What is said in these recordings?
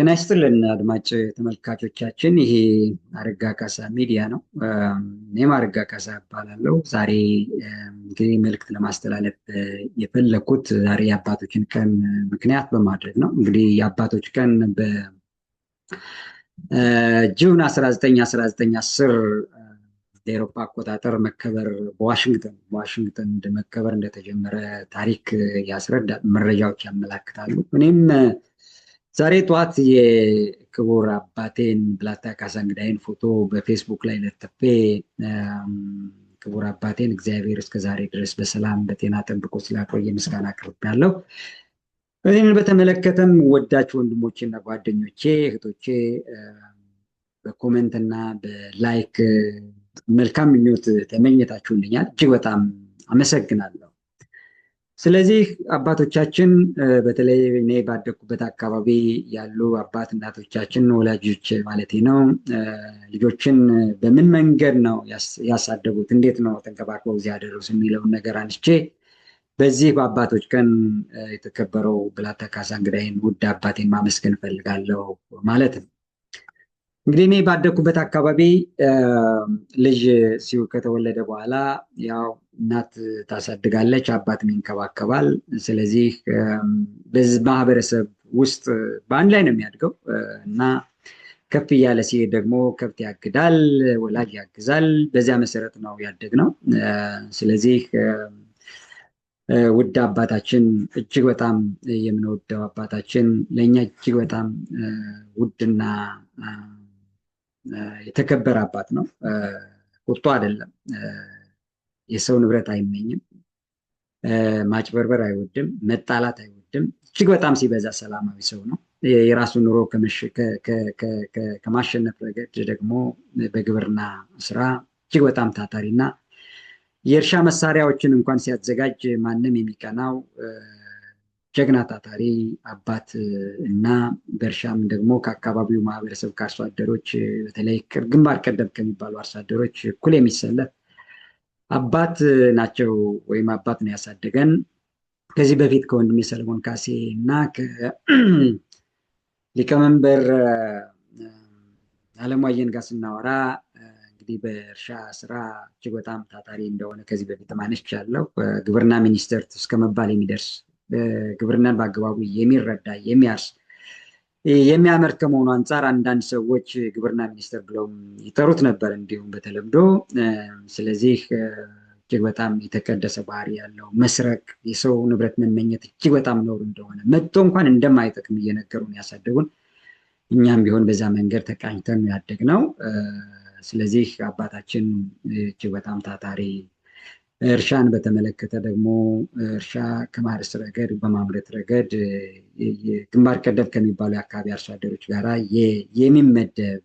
ጤና ይስጥልን አድማጭ ተመልካቾቻችን፣ ይሄ አረጋ ካሳ ሚዲያ ነው። እኔም አረጋ ካሳ እባላለሁ። ዛሬ እንግዲህ መልዕክት ለማስተላለፍ የፈለግኩት ዛሬ የአባቶችን ቀን ምክንያት በማድረግ ነው። እንግዲህ የአባቶች ቀን በጁን 1919 ስር የአውሮፓ አቆጣጠር መከበር በዋሽንግተን ዋሽንግተን መከበር እንደተጀመረ ታሪክ ያስረዳል፣ መረጃዎች ያመላክታሉ። እኔም ዛሬ ጠዋት የክቡር አባቴን ብላታ ካሳ እንግዳይን ፎቶ በፌስቡክ ላይ ለጥፌ ክቡር አባቴን እግዚአብሔር እስከዛሬ ድረስ በሰላም በጤና ጠብቆ ስላቆየ ምስጋና አቅርቤያለሁ። ይህንን በተመለከተም ወዳች ወንድሞቼና ጓደኞቼ እህቶቼ በኮመንት እና በላይክ መልካም ምኞት ተመኘታችሁልኛል። እጅግ በጣም አመሰግናለሁ። ስለዚህ አባቶቻችን በተለይ እኔ ባደግኩበት አካባቢ ያሉ አባት እናቶቻችን ወላጆች ማለት ነው ልጆችን በምን መንገድ ነው ያሳደጉት፣ እንዴት ነው ተንከባክበው እዚህ ያደረሱ የሚለውን ነገር አንስቼ በዚህ በአባቶች ቀን የተከበረው ብላታ ካሳ እንግዳይን ውድ አባቴን ማመስገን እፈልጋለሁ ማለት ነው። እንግዲህ እኔ ባደግኩበት አካባቢ ልጅ ሲው ከተወለደ በኋላ ያው እናት ታሳድጋለች፣ አባትም ይንከባከባል። ስለዚህ በዚህ ማህበረሰብ ውስጥ በአንድ ላይ ነው የሚያድገው እና ከፍ እያለ ሲሄድ ደግሞ ከብት ያግዳል፣ ወላጅ ያግዛል። በዚያ መሰረት ነው ያደግ ነው። ስለዚህ ውድ አባታችን እጅግ በጣም የምንወደው አባታችን ለእኛ እጅግ በጣም ውድና የተከበረ አባት ነው። ቁጡ አይደለም። የሰው ንብረት አይመኝም፣ ማጭበርበር አይወድም፣ መጣላት አይወድም። እጅግ በጣም ሲበዛ ሰላማዊ ሰው ነው። የራሱ ኑሮ ከማሸነፍ ረገድ ደግሞ በግብርና ስራ እጅግ በጣም እና የእርሻ መሳሪያዎችን እንኳን ሲያዘጋጅ ማንም የሚቀናው ጀግና ታታሪ አባት እና በእርሻም ደግሞ ከአካባቢው ማህበረሰብ ከአርሶ አደሮች በተለይ ግንባር ቀደም ከሚባሉ አርሶ አደሮች እኩል የሚሰለፍ አባት ናቸው ወይም አባት ነው ያሳደገን። ከዚህ በፊት ከወንድሜ ሰለሞን ካሴ እና ሊቀመንበር አለማየን ጋር ስናወራ እንግዲህ በእርሻ ስራ እጅግ በጣም ታታሪ እንደሆነ ከዚህ በፊት ማንቻለሁ። ግብርና ሚኒስቴር እስከ መባል የሚደርስ ግብርናን በአግባቡ የሚረዳ የሚያርስ የሚያመርት ከመሆኑ አንጻር አንዳንድ ሰዎች ግብርና ሚኒስቴር ብለውም ይጠሩት ነበር እንዲሁም በተለምዶ። ስለዚህ እጅግ በጣም የተቀደሰ ባህሪ ያለው መስረቅ፣ የሰው ንብረት መመኘት እጅግ በጣም ኖሩ እንደሆነ መጥቶ እንኳን እንደማይጠቅም እየነገሩን ያሳደጉን፣ እኛም ቢሆን በዛ መንገድ ተቃኝተን ነው ስለዚህ አባታችን እጅግ በጣም ታታሪ እርሻን በተመለከተ ደግሞ እርሻ ከማረስ ረገድ በማምረት ረገድ ግንባር ቀደም ከሚባሉ የአካባቢ አርሶ አደሮች ጋራ የሚመደብ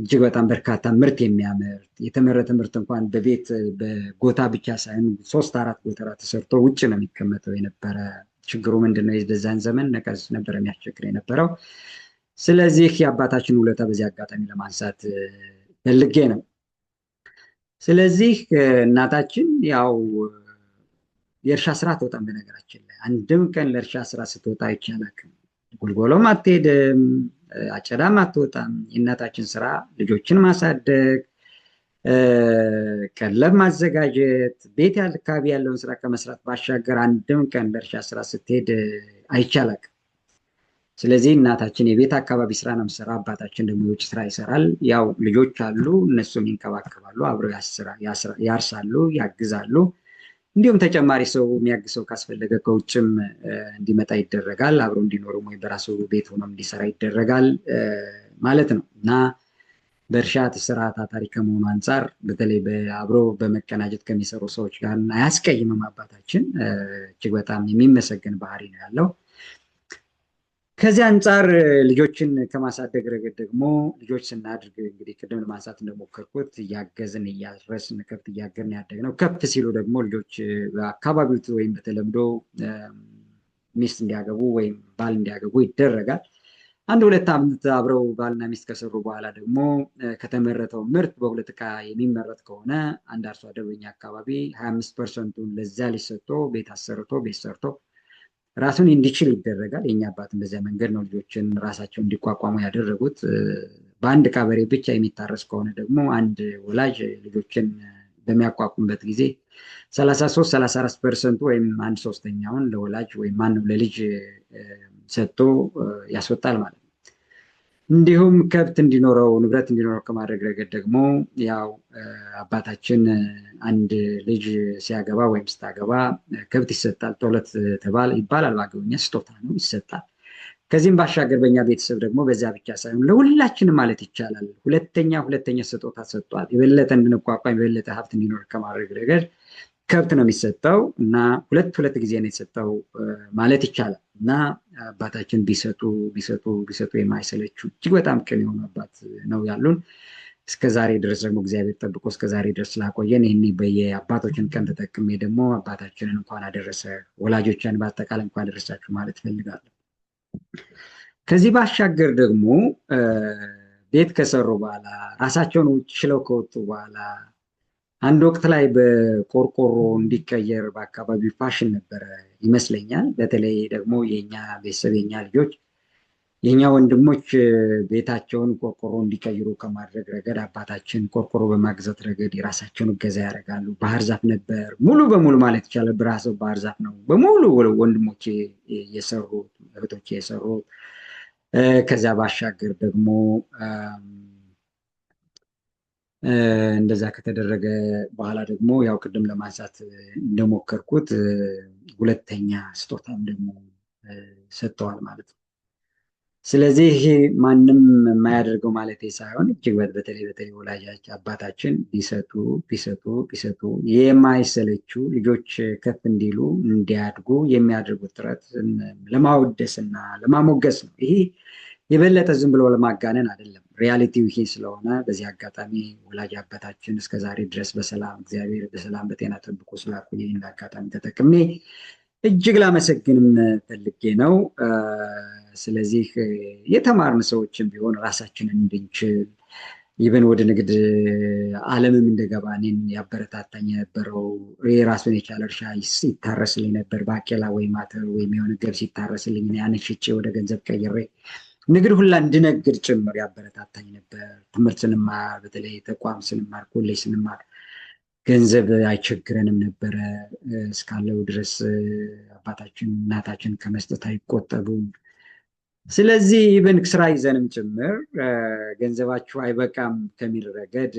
እጅግ በጣም በርካታ ምርት የሚያመርት የተመረተ ምርት እንኳን በቤት በጎታ ብቻ ሳይሆን ሶስት አራት ጎተራ ተሰርቶ ውጭ ነው የሚቀመጠው የነበረ። ችግሩ ምንድነው? የደዛን ዘመን ነቀዝ ነበር የሚያስቸግር የነበረው። ስለዚህ የአባታችን ውለታ በዚህ አጋጣሚ ለማንሳት ፈልጌ ነው። ስለዚህ እናታችን ያው የእርሻ ስራ አትወጣም። በነገራችን ላይ አንድም ቀን ለእርሻ ስራ ስትወጣ አይቻላክም። ጎልጎሎም አትሄድም፣ አጨዳም አትወጣም። የእናታችን ስራ ልጆችን ማሳደግ፣ ቀለብ ማዘጋጀት፣ ቤት አካባቢ ያለውን ስራ ከመስራት ባሻገር አንድም ቀን ለእርሻ ስራ ስትሄድ አይቻላክም። ስለዚህ እናታችን የቤት አካባቢ ስራ ነው የምትሰራ፣ አባታችን ደግሞ የውጭ ስራ ይሰራል። ያው ልጆች አሉ፣ እነሱም ይንከባከባሉ፣ አብረው ያርሳሉ፣ ያግዛሉ። እንዲሁም ተጨማሪ ሰው ሰው ካስፈለገ ከውጭም እንዲመጣ ይደረጋል። አብረው እንዲኖሩ ወይ በራሱ ቤት ሆኖም እንዲሰራ ይደረጋል ማለት ነው እና በእርሻ ስራ ታታሪ ከመሆኑ አንጻር በተለይ አብሮ በመቀናጀት ከሚሰሩ ሰዎች ጋር አያስቀይምም። አባታችን እጅግ በጣም የሚመሰገን ባህሪ ነው ያለው። ከዚህ አንጻር ልጆችን ከማሳደግ ረገድ ደግሞ ልጆች ስናድርግ እንግዲህ ቅድም ለማንሳት እንደሞከርኩት እያገዝን እያረስን ከብት እያገርን ያደግ ነው። ከፍ ሲሉ ደግሞ ልጆች በአካባቢው ወይም በተለምዶ ሚስት እንዲያገቡ ወይም ባል እንዲያገቡ ይደረጋል። አንድ ሁለት ዓመት አብረው ባልና ሚስት ከሰሩ በኋላ ደግሞ ከተመረተው ምርት በሁለት እቃ የሚመረት ከሆነ አንድ አርሶ አደር በኛ አካባቢ ሀያ አምስት ፐርሰንቱን ለዛ ሊሰጥቶ ቤት አሰርቶ ቤት ሰርቶ ራሱን እንዲችል ይደረጋል። የኛ አባት በዚያ መንገድ ነው ልጆችን ራሳቸው እንዲቋቋሙ ያደረጉት። በአንድ ቀበሬ ብቻ የሚታረስ ከሆነ ደግሞ አንድ ወላጅ ልጆችን በሚያቋቁምበት ጊዜ ሰላሳ ሶስት ሰላሳ አራት ፐርሰንቱ ወይም አንድ ሶስተኛውን ለወላጅ ወይም ማንም ለልጅ ሰጥቶ ያስወጣል ማለት ነው። እንዲሁም ከብት እንዲኖረው ንብረት እንዲኖረው ከማድረግ ረገድ ደግሞ ያው አባታችን አንድ ልጅ ሲያገባ ወይም ስታገባ ከብት ይሰጣል። ጦለት ተባል ይባላል በአገውኛ ስጦታ ነው ይሰጣል። ከዚህም ባሻገር በኛ ቤተሰብ ደግሞ በዚያ ብቻ ሳይሆን ለሁላችንም ማለት ይቻላል ሁለተኛ ሁለተኛ ስጦታ ሰጥቷል። የበለጠ እንድንቋቋም የበለጠ ሀብት እንዲኖር ከማድረግ ረገድ ከብት ነው የሚሰጠው እና ሁለት ሁለት ጊዜ ነው የተሰጠው ማለት ይቻላል። እና አባታችን ቢሰጡ ቢሰጡ ቢሰጡ የማይሰለች እጅግ በጣም ቅን የሆኑ አባት ነው ያሉን። እስከዛሬ ድረስ ደግሞ እግዚአብሔር ጠብቆ እስከ ዛሬ ድረስ ስላቆየን ይህ በየአባቶችን ቀን ተጠቅሜ ደግሞ አባታችንን እንኳን አደረሰ ወላጆችን በአጠቃላይ እንኳን አደረሳችሁ ማለት ፈልጋለሁ። ከዚህ ባሻገር ደግሞ ቤት ከሰሩ በኋላ ራሳቸውን ችለው ከወጡ በኋላ አንድ ወቅት ላይ በቆርቆሮ እንዲቀየር በአካባቢው ፋሽን ነበረ ይመስለኛል። በተለይ ደግሞ የኛ ቤተሰብ የኛ ልጆች የኛ ወንድሞች ቤታቸውን ቆርቆሮ እንዲቀይሩ ከማድረግ ረገድ አባታችን ቆርቆሮ በማግዛት ረገድ የራሳቸውን እገዛ ያደርጋሉ። ባህር ዛፍ ነበር ሙሉ በሙሉ ማለት ይቻላል። ብራሰብ ባህር ዛፍ ነው በሙሉ ወንድሞቼ የሰሩት እህቶቼ የሰሩት ከዚያ ባሻገር ደግሞ እንደዛ ከተደረገ በኋላ ደግሞ ያው ቅድም ለማንሳት እንደሞከርኩት ሁለተኛ ስጦታም ደግሞ ሰጥተዋል ማለት ነው። ስለዚህ ማንም የማያደርገው ማለት ሳይሆን እጅግ በተለይ በተለይ ወላጃች አባታችን ቢሰጡ ቢሰጡ ቢሰጡ የማይሰለቹ ልጆች ከፍ እንዲሉ እንዲያድጉ የሚያደርጉት ጥረት ለማወደስ እና ለማሞገስ ነው። ይሄ የበለጠ ዝም ብሎ ለማጋነን አይደለም። ሪያሊቲው ይሄ ስለሆነ በዚህ አጋጣሚ ወላጅ አባታችን እስከዛሬ ድረስ በሰላም እግዚአብሔር በሰላም በጤና ጠብቆ ስላቆየ ይህን አጋጣሚ ተጠቅሜ እጅግ ላመሰግንም ፈልጌ ነው። ስለዚህ የተማርን ሰዎችን ቢሆን ራሳችንን እንድንችል ይብን ወደ ንግድ ዓለምም እንደገባ እኔን ያበረታታኝ የነበረው የራሱን የቻለ እርሻ ይታረስልኝ ነበር። ባቄላ ወይ ማተር ወይም የሆነ ገብስ ይታረስልኝ ያነሽቼ ወደ ገንዘብ ቀይሬ ንግድ ሁላ እንድነግድ ጭምር ያበረታታኝ ነበር። ትምህርት ስንማር በተለይ ተቋም ስንማር ኮሌጅ ስንማር ገንዘብ አይቸግረንም ነበረ እስካለው ድረስ አባታችን እናታችን ከመስጠት አይቆጠቡም። ስለዚህ ኢቨን ስራ ይዘንም ጭምር ገንዘባችሁ አይበቃም ከሚል ረገድ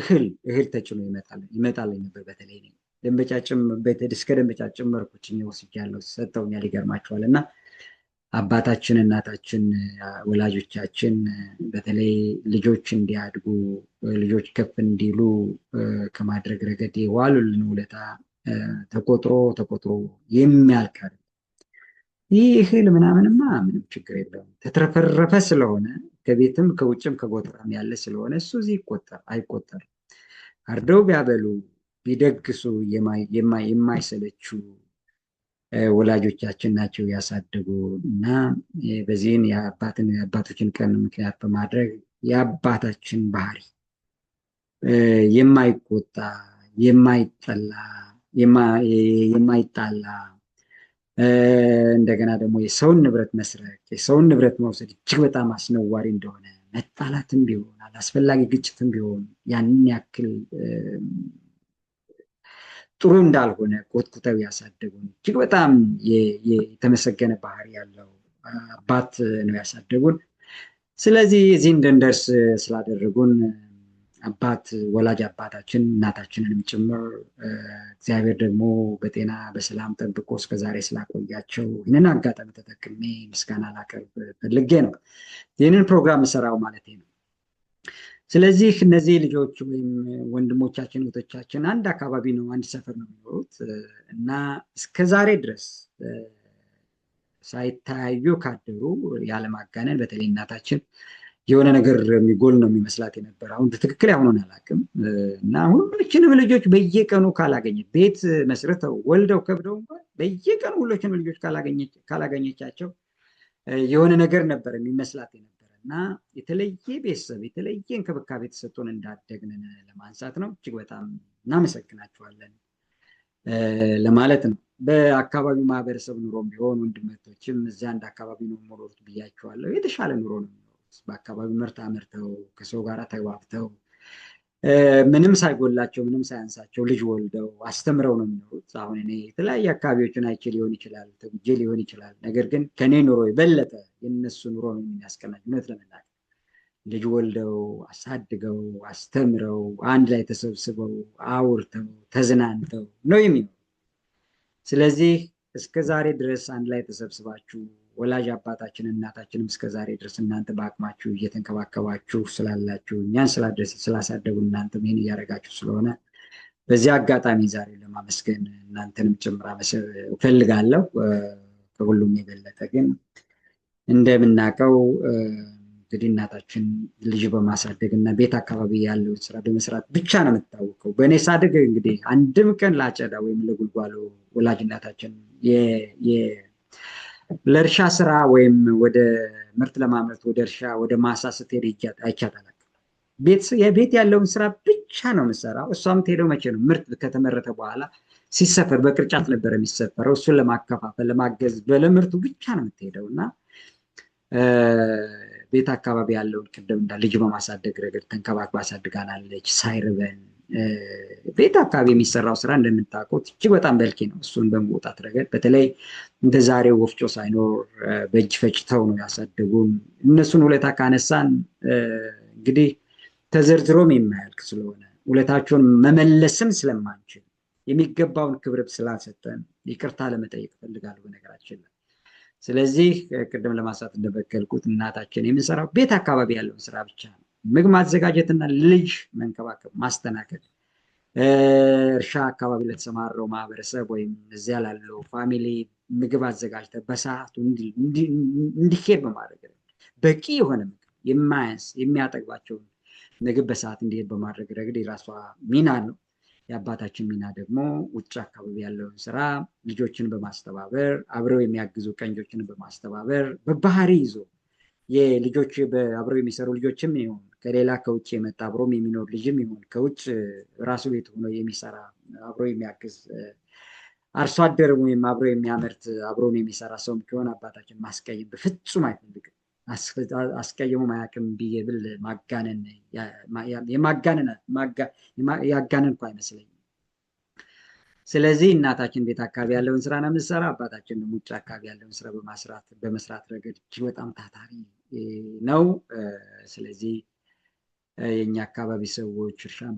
እህል እህል ተችሎ ይመጣለኝ ነበር። በተለይ ደንበጫ እስከ ደንበጫ ጭመርኩች ወስጃለሁ ሰጠውኛል። ይገርማችኋል እና አባታችን እናታችን ወላጆቻችን በተለይ ልጆች እንዲያድጉ ልጆች ከፍ እንዲሉ ከማድረግ ረገድ የዋሉልን ውለታ ተቆጥሮ ተቆጥሮ የሚያልቅ ይህ እህል ምናምንማ ምንም ችግር የለውም። ተትረፈረፈ ስለሆነ ከቤትም ከውጭም ከጎጠራም ያለ ስለሆነ እሱ እዚህ ይቆጠር አይቆጠርም። አርደው ቢያበሉ ቢደግሱ የማይሰለችው ወላጆቻችን ናቸው ያሳደጉ እና በዚህን የአባትን የአባቶችን ቀን ምክንያት በማድረግ የአባታችን ባህሪ የማይቆጣ የማይጠላ የማይጣላ እንደገና ደግሞ የሰውን ንብረት መስረቅ የሰውን ንብረት መውሰድ እጅግ በጣም አስነዋሪ እንደሆነ መጣላትም ቢሆን አላስፈላጊ ግጭትም ቢሆን ያንን ያክል ጥሩ እንዳልሆነ ኮትኩተው ያሳደጉን እጅግ በጣም የተመሰገነ ባህሪ ያለው አባት ነው ያሳደጉን። ስለዚህ እዚህ እንድንደርስ ስላደረጉን አባት ወላጅ አባታችን እናታችንንም ጭምር እግዚአብሔር ደግሞ በጤና በሰላም ጠብቆ እስከዛሬ ስላቆያቸው ይህንን አጋጣሚ ተጠቅሜ ምስጋና ላቀርብ ፈልጌ ነው ይህንን ፕሮግራም ሰራው ማለት ነው። ስለዚህ እነዚህ ልጆች ወይም ወንድሞቻችን እህቶቻችን አንድ አካባቢ ነው፣ አንድ ሰፈር ነው የሚኖሩት እና እስከ ዛሬ ድረስ ሳይተያዩ ካደሩ ያለማጋነን በተለይ እናታችን የሆነ ነገር የሚጎል ነው የሚመስላት የነበር አሁን ትክክል ያሁኑን አላቅም እና ሁሉችንም ልጆች በየቀኑ ካላገኘ ቤት መስርተው ወልደው ከብደው በየቀኑ ሁሎችንም ልጆች ካላገኘቻቸው የሆነ ነገር ነበር የሚመስላት የነበር እና የተለየ ቤተሰብ የተለየ እንክብካቤ ተሰጥቶን እንዳደግንን ለማንሳት ነው። እጅግ በጣም እናመሰግናችኋለን ለማለት ነው። በአካባቢው ማህበረሰብ ኑሮም ቢሆን ወንድመቶችም እዚያ እንደ አካባቢ ነው የምኖሩት ብያቸዋለሁ። የተሻለ ኑሮ ነው የሚኖሩት። በአካባቢው ምርት አምርተው ከሰው ጋር ተግባብተው ምንም ሳይጎላቸው ምንም ሳያንሳቸው ልጅ ወልደው አስተምረው ነው የሚኖሩት። አሁን እኔ የተለያዩ አካባቢዎችን አይቼ ሊሆን ይችላል ተጉጄ ሊሆን ይችላል። ነገር ግን ከእኔ ኑሮ የበለጠ የነሱ ኑሮ ነው የሚያስቀናኝ። እውነት ለመናገር ልጅ ወልደው አሳድገው አስተምረው አንድ ላይ ተሰብስበው አውርተው ተዝናንተው ነው የሚኖሩ። ስለዚህ እስከ ዛሬ ድረስ አንድ ላይ ተሰብስባችሁ ወላጅ አባታችን እናታችንም እስከዛሬ ድረስ እናንተ በአቅማችሁ እየተንከባከባችሁ ስላላችሁ እኛን ስላደረስ ስላሳደጉ እናንተም ይህን እያደረጋችሁ ስለሆነ በዚህ አጋጣሚ ዛሬ ለማመስገን እናንተንም ጭምር እፈልጋለሁ። ከሁሉም የበለጠ ግን እንደምናውቀው እንግዲህ እናታችን ልጅ በማሳደግ እና ቤት አካባቢ ያለውን ስራ በመስራት ብቻ ነው የምታወቀው። በእኔ ሳድግ እንግዲህ አንድም ቀን ለአጨዳ ወይም ለጉልጓሎ ወላጅ እናታችን ለእርሻ ስራ ወይም ወደ ምርት ለማምረት ወደ እርሻ ወደ ማሳ ስትሄድ አይቻታላል። ቤት ያለውን ስራ ብቻ ነው የምሰራው። እሷም ትሄደው መቼ ነው? ምርት ከተመረተ በኋላ ሲሰፈር በቅርጫት ነበር የሚሰፈረው። እሱን ለማከፋፈል ለማገዝ በለምርቱ ብቻ ነው የምትሄደው እና ቤት አካባቢ ያለውን ቅድም ልጅ በማሳደግ ረገድ ተንከባክባ አሳድጋናለች ሳይርበን ቤት አካባቢ የሚሰራው ስራ እንደምታውቁት እጅግ በጣም በልኪ ነው። እሱን በመውጣት ረገድ በተለይ እንደ ዛሬው ወፍጮ ሳይኖር በእጅ ፈጭተው ነው ያሳደጉን። እነሱን ውለታ ካነሳን እንግዲህ ተዘርዝሮም የማያልቅ ስለሆነ ውለታቸውን መመለስም ስለማንችል የሚገባውን ክብርብ ስላልሰጠን ይቅርታ ለመጠየቅ እፈልጋለሁ በነገራችን ላይ። ስለዚህ ቅድም ለማሳት እንደበከልኩት እናታችን የምንሰራው ቤት አካባቢ ያለውን ስራ ብቻ ነው። ምግብ ማዘጋጀትና ልጅ መንከባከብ ማስተናገድ እርሻ አካባቢ ለተሰማረው ማህበረሰብ ወይም እዚያ ላለው ፋሚሊ ምግብ አዘጋጅተ በሰዓቱ እንዲሄድ በማድረግ ረገድ በቂ የሆነ ምግብ የማያንስ የሚያጠግባቸውን ምግብ በሰዓት እንዲሄድ በማድረግ ረግድ የራሷ ሚና ነው። የአባታችን ሚና ደግሞ ውጭ አካባቢ ያለውን ስራ ልጆችን በማስተባበር አብረው የሚያግዙ ቀንጆችን በማስተባበር በባህሪ ይዞ የልጆች አብረው የሚሰሩ ልጆችም የሆኑ ከሌላ ከውጭ የመጣ አብሮም የሚኖር ልጅም ይሁን ከውጭ ራሱ ቤት ሆኖ የሚሰራ አብሮ የሚያግዝ አርሶ አደር ወይም አብሮ የሚያመርት አብሮን የሚሰራ ሰውም ከሆነ አባታችን ማስቀየም በፍጹም አይፈልግም። አስቀየሙ ማያቅም ብዬ ብል ማጋነን አይመስለኝም። ስለዚህ እናታችን ቤት አካባቢ ያለውን ስራ ነው የምትሰራ። አባታችን ውጭ አካባቢ ያለውን ስራ በመስራት ረገድ እጅግ በጣም ታታሪ ነው። ስለዚህ የእኛ አካባቢ ሰዎች እርሻን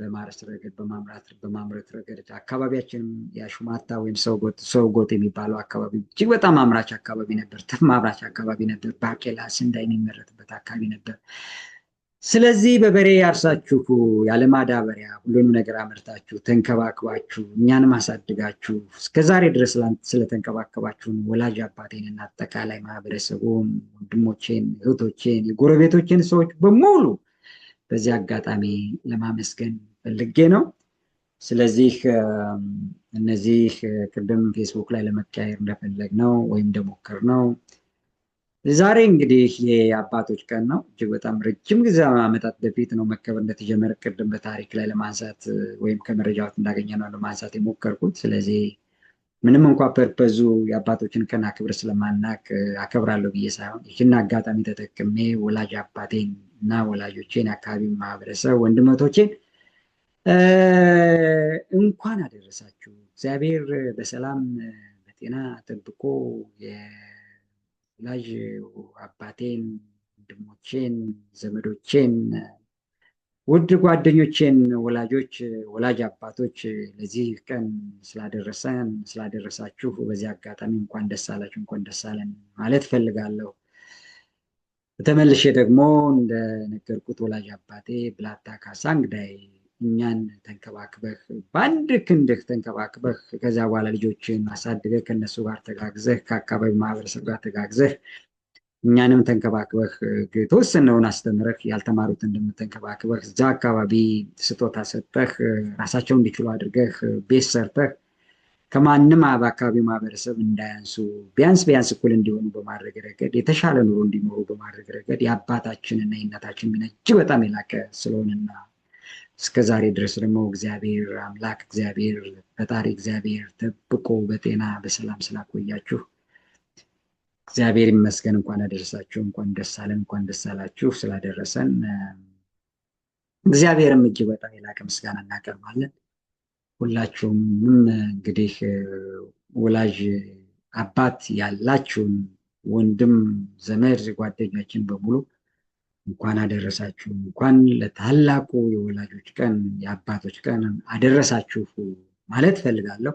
በማረስ ረገድ በማምራት በማምረት ረገድ አካባቢያችን የሹማታ ወይም ሰውጎት የሚባለው አካባቢ እጅግ በጣም አምራች አካባቢ ነበር። ትፍ አካባቢ ነበር። ባቄላ፣ ስንዴ የሚመረትበት አካባቢ ነበር። ስለዚህ በበሬ ያርሳችሁ ማዳበሪያ ሁሉንም ነገር አመርታችሁ ተንከባክባችሁ እኛንም አሳድጋችሁ እስከዛሬ ድረስ ስለተንከባከባችሁን ወላጅ አባቴንና አጠቃላይ ማህበረሰቡን ወንድሞቼን፣ እህቶቼን፣ የጎረቤቶቼን ሰዎች በሙሉ በዚህ አጋጣሚ ለማመስገን ፈልጌ ነው። ስለዚህ እነዚህ ቅድም ፌስቡክ ላይ ለመቀያየር እንደፈለግ ነው ወይም እንደሞከር ነው ዛሬ እንግዲህ የአባቶች ቀን ነው። እጅግ በጣም ረጅም ጊዜ ዓመታት በፊት ነው መከበር እንደተጀመረ ቅድም በታሪክ ላይ ለማንሳት ወይም ከመረጃዎች እንዳገኘ ነው ለማንሳት የሞከርኩት። ስለዚህ ምንም እንኳ ፐርፐዙ የአባቶችን ቀን አክብር ስለማናቅ አከብራለሁ ብዬ ሳይሆን ይህን አጋጣሚ ተጠቅሜ ወላጅ አባቴን እና ወላጆቼን፣ የአካባቢ ማህበረሰብ ወንድመቶቼን እንኳን አደረሳችሁ እግዚአብሔር በሰላም በጤና ጠብቆ ወላጅ አባቴን፣ ወንድሞቼን፣ ዘመዶቼን፣ ውድ ጓደኞቼን ወላጆች ወላጅ አባቶች ለዚህ ቀን ስላደረሰን ስላደረሳችሁ በዚህ አጋጣሚ እንኳን ደስ አላችሁ እንኳን ደስ አለን ማለት ፈልጋለሁ። ተመልሼ ደግሞ እንደነገርኩት ወላጅ አባቴ ብላታ ካሳ እንግዳይ እኛን ተንከባክበህ በአንድ ክንድህ ተንከባክበህ ከዚያ በኋላ ልጆችን አሳድገህ ከነሱ ጋር ተጋግዘህ ከአካባቢ ማህበረሰብ ጋር ተጋግዘህ እኛንም ተንከባክበህ የተወሰነውን አስተምረህ ያልተማሩት እንደምተንከባክበህ እዛ አካባቢ ስጦታ ሰጠህ ራሳቸው እንዲችሉ አድርገህ ቤት ሰርተህ ከማንም በአካባቢው ማህበረሰብ እንዳያንሱ ቢያንስ ቢያንስ እኩል እንዲሆኑ በማድረግ ረገድ የተሻለ ኑሮ እንዲኖሩ በማድረግ ረገድ የአባታችንና የእናታችን ሚና እጅግ በጣም የላቀ ስለሆነና እስከ ዛሬ ድረስ ደግሞ እግዚአብሔር አምላክ እግዚአብሔር ፈጣሪ እግዚአብሔር ጠብቆ በጤና በሰላም ስላቆያችሁ እግዚአብሔር ይመስገን። እንኳን አደረሳችሁ፣ እንኳን ደስ አለን፣ እንኳን ደስ አላችሁ ስላደረሰን እግዚአብሔርም እጅግ በጣም የላቀ ምስጋና እናቀርባለን። ሁላችሁም እንግዲህ ወላጅ አባት ያላችሁን ወንድም ዘመድ ጓደኛችን በሙሉ እንኳን አደረሳችሁ፣ እንኳን ለታላቁ የወላጆች ቀን የአባቶች ቀን አደረሳችሁ ማለት ፈልጋለሁ።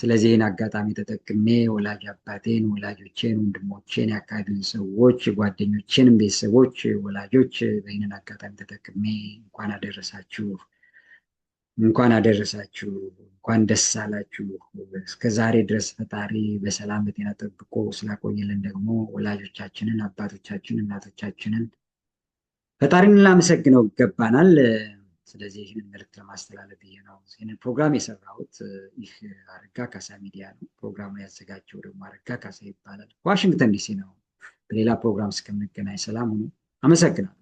ስለዚህ ይህን አጋጣሚ ተጠቅሜ ወላጅ አባቴን፣ ወላጆቼን፣ ወንድሞቼን፣ የአካባቢውን ሰዎች፣ ጓደኞቼንም፣ ቤተሰቦች፣ ወላጆች በይህንን አጋጣሚ ተጠቅሜ እንኳን አደረሳችሁ እንኳን አደረሳችሁ፣ እንኳን ደስ አላችሁ። እስከ ዛሬ ድረስ ፈጣሪ በሰላም በጤና ጠብቆ ስላቆየልን ደግሞ ወላጆቻችንን፣ አባቶቻችንን፣ እናቶቻችንን ፈጣሪን ላመሰግነው ይገባናል። ስለዚህ ይህንን መልክት ለማስተላለፍ ብዬ ነው ይህንን ፕሮግራም የሰራሁት። ይህ አረጋ ካሳ ሚዲያ ነው። ያዘጋጀው ደግሞ አረጋ ካሳ ይባላል። ዋሽንግተን ዲሲ ነው። በሌላ ፕሮግራም እስከምንገናኝ ሰላም ሁኑ። አመሰግናለሁ።